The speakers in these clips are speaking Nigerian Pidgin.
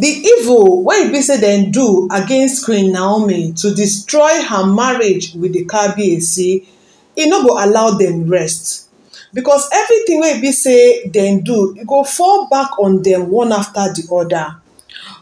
the evil where e then say do against queen naomi to destroy her marriage with the KBC, e no go allow them rest because everything where e then say do it go fall back on them one after the other.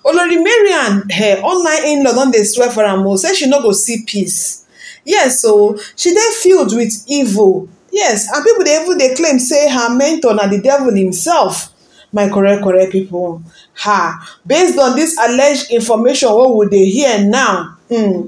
olori marian her online in-law they swear for a o say she no go see peace yes so she then filled with evil yes and people they even they claim say her mentor na the devil himself my correct correct people. um based on this alleged information what would they hear now um hmm,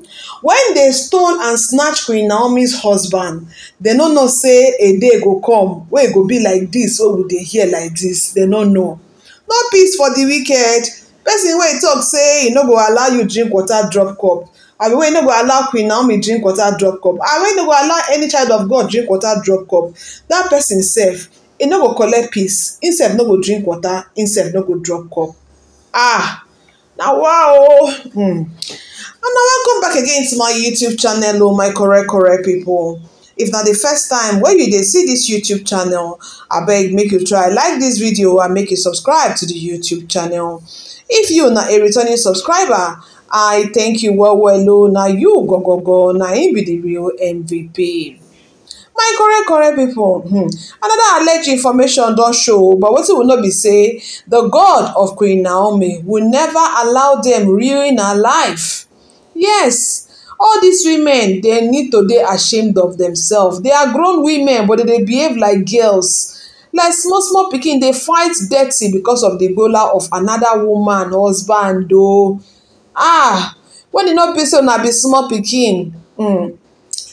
wen dey stone and snatch queen naomi's husband they no know say a day go come wey go be like this. What would they hear like this? They no know no peace for the wicked person where talk say you e no go allow you drink water drop cup I abi wey e no go allow queen naomi drink water drop cup and ah, wey e no go allow any child of god drink water drop cup That person sef he no go collect peace Instead no go drink water Instead no go drop cup ah na wow hmm. and na welcome back again to my youtube channel o oh, my correct correct people. if na the first time when you did see this youtube channel I beg make you try like this video and make you subscribe to the youtube channel if you not a returning subscriber i thank you well well o oh, Now you go go go Now im be the real mvp my correct correct people. hmm anoda alleged information don show but wetin we know be say The god of queen naomi will never allow dem ruin her life yes all these women dey need to dey ashamed of themselves they are grown women but they dey behave like girls like small small pikin dey fight dirty because of the gola of another woman husband Oh, ah when e no be so na be small pikin Hmm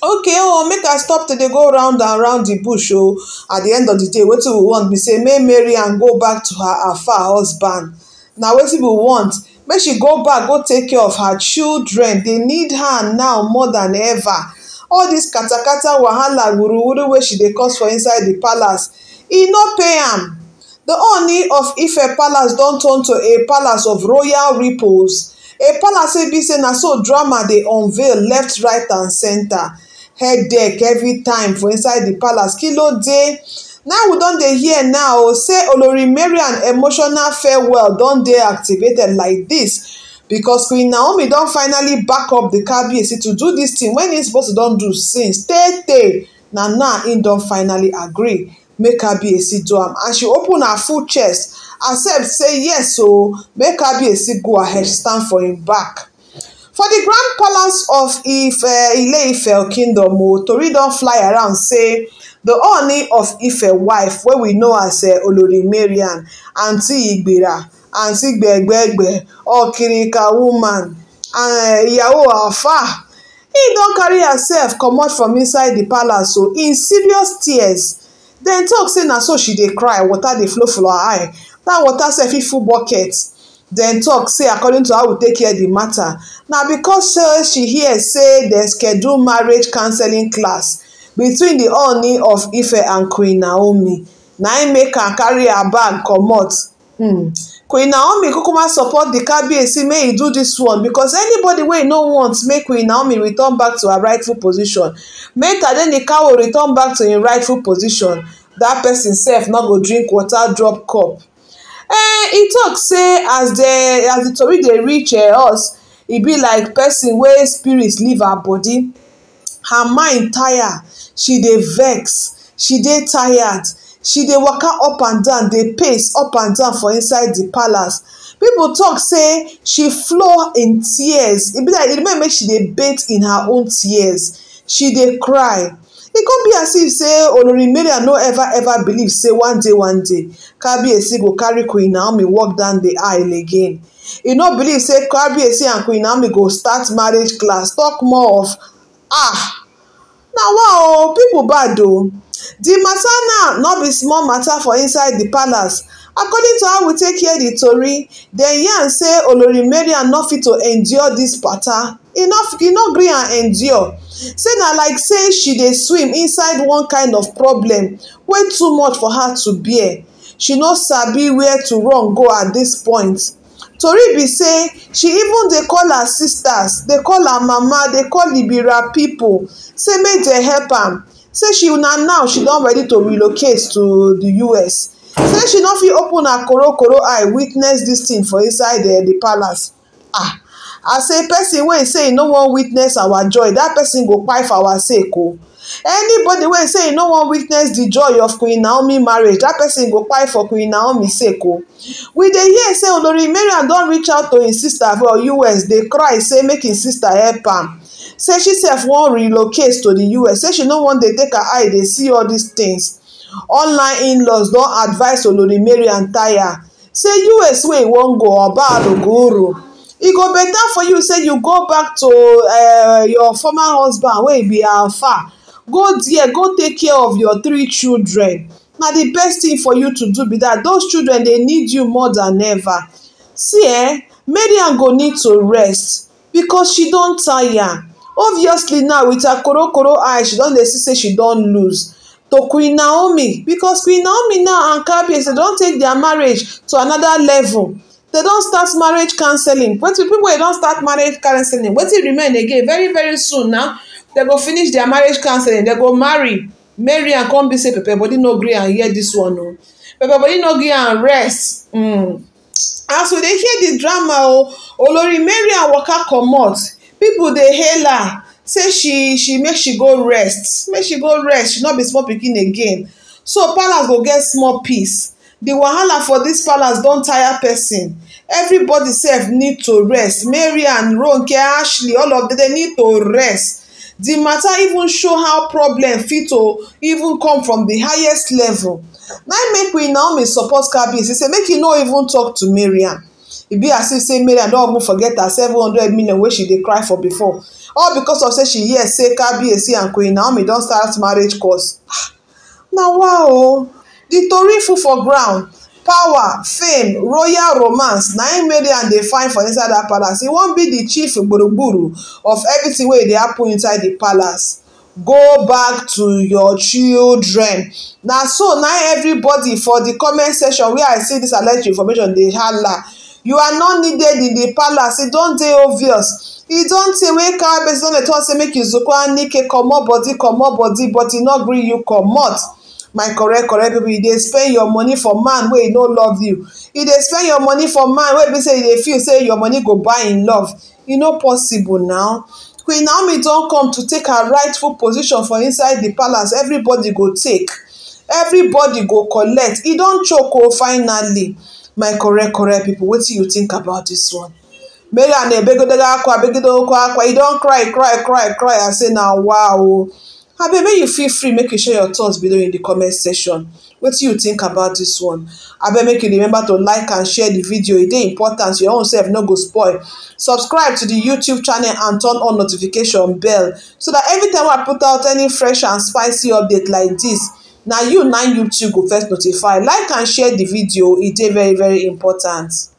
okay oh make i stop to dey go round and round the bush oh at the end of the day wetin we want be say May Mary and go back to her her far husband na wetin we want make she go back go take care of her children They need her now more than ever all dis katakata wahala wuruwuru wey she dey cause for inside the palace e no pay am the Ooni of Ife palace don turn to a palace of royal ripples a palace wey be say na so drama dey unveil left right and center headache every time for inside the palace kí ló dé now we don dey hear now say olori marian emotional farewell don dey activated like this? because queen naomi don finally back up the kabiyesi to do this thing. wey im suppose to don do since tey tey na now im don finally agree make kabiyesi do am and she open her full chest accept say yes o oh. make kabiyesi go ahead stand for im back for the grand palace of ile-ife uh, kingdom o tori don fly around say the honey of ife wife wey we know as uh, olori marian aunty igbera aunty gbegbegbe okirika woman and uh, iyawo alfa e don carry herself comot from inside the palace o in serious tears dem tok say na so she dey cry water dey flow for her eye that water sef fit full bucket dem talk. say according to how we take hear di matter na because say she hear say dem schedule marriage counseling class between di honey of ife and queen naomi na im make her carry her bag comot hmm. queen naomi kukuma support di kabiyesi make e do dis one because anybody wey no want make queen naomi return back to her rightful position make tadenikawo return back to im rightful position dat person sef no go drink water drop cup e talk say as the as the tori dey reach eh, us e be like person wey spirit leave her body her mind tire she dey vex she dey tired she dey waka up and down dey pace up and down for inside the palace People talk say she flow in tears e be like e remain make she dey bathe in her own tears she dey cry e go be as if say olori mariam no ever ever believe say one day one day kabiyesi go carry queen naomi walk down the aisle again e no believe say kabiyesi and queen naomi go start marriage class talk more of ah na wow o pipo bad o di matter now no be small matter for inside di palace according to how we take hear di tori dem yarn say olori mariam no fit to endure dis pata e no e gree am endure say now like say she they swim inside one kind of problem way too much for her to bear she not sabi where to run go at this point tori be say she even they call her sisters they call her mama they call libira people. say may they help her. say she na now she don ready to relocate to the us say she no fit open her korokoro eye witness dis tin for inside di eh, palace ah as say pesin wey say e no wan witness our joy dat pesin go kpai for our sake o oh. anybody wey say e no wan witness di joy of queen naomi marriage dat pesin go kpai for queen naomi sake o oh. we dey hear say olori mariam don reach out to im sister for us dey cry say make im sister help am say she sef wan relocate to di us say she no wan dey take her eye dey see all dis tins online in-laws don advise olori and taya say us wey you wan go obado go uru e go better for you say you go back to eh, your former husband wey be alfa go there go take care of your three children na the best thing for you to do be that those children dey need you more than ever see eh marian go need to rest because she don tire obviously now with her korokoro eye she don dey see say she don lose to Queen Naomi because Queen Naomi now and they don't take their marriage to another level they don't start marriage counseling When people don't start marriage counseling when they remain again very very soon now they go finish their marriage counseling they go marry marry and come be say But body no agree and hear this one o oh. but body no agree and rest mm. as so they hear the drama oh, oh o olori mariam waka out. people they hail her say she she make she go rest make she go rest she no be small pikin again so palace go get small peace the wahala for this palace don tire person everybody sef need to rest mary and ronke ashley all of them they need to rest The matter even show how problem fit to even come from the highest level na make queen naomi support kabiyesi say make e no even talk to mariam e be as if say mariam don almost forget her seven hundred million wey she dey cry for before all because of say she hear say kabiyesi and queen naomi don start marriage course na wa o the tori full for ground power fame royal romance na im mariam dey find for inside dat palace e wan be the chief gburugburu of everything wey e dey happen inside the palace go back to your children na so na everybody for di comment section wey i see dis alleged information dey hala you are not needed in the palace e don dey obvious e don tey wey car person don dey talk say make you zuko anike comot body comot body but e no gree you comot my correct correct people you dey spend your money for man wey e no love you you dey spend your money for man wey be say you dey feel say your money go buy im love e no possible now queen naomi don come to take her rightful position for inside the palace everybody go take everybody go collect e don choke o oh, finally my correct correct people wetin you think about this one marian ebegodogo akwa abegidoko akwa You don cry cry cry cry and say na wow o abeg make you feel free make you share your thoughts below in the comment section wetin you think about this one abeg make you remember to like and share the video e dey important your own self no go spoil subscribe to the youtube channel and turn on notification bell so that every time i put out any fresh and spicy update like this na you na youtube go first notify like and share the video e dey very very important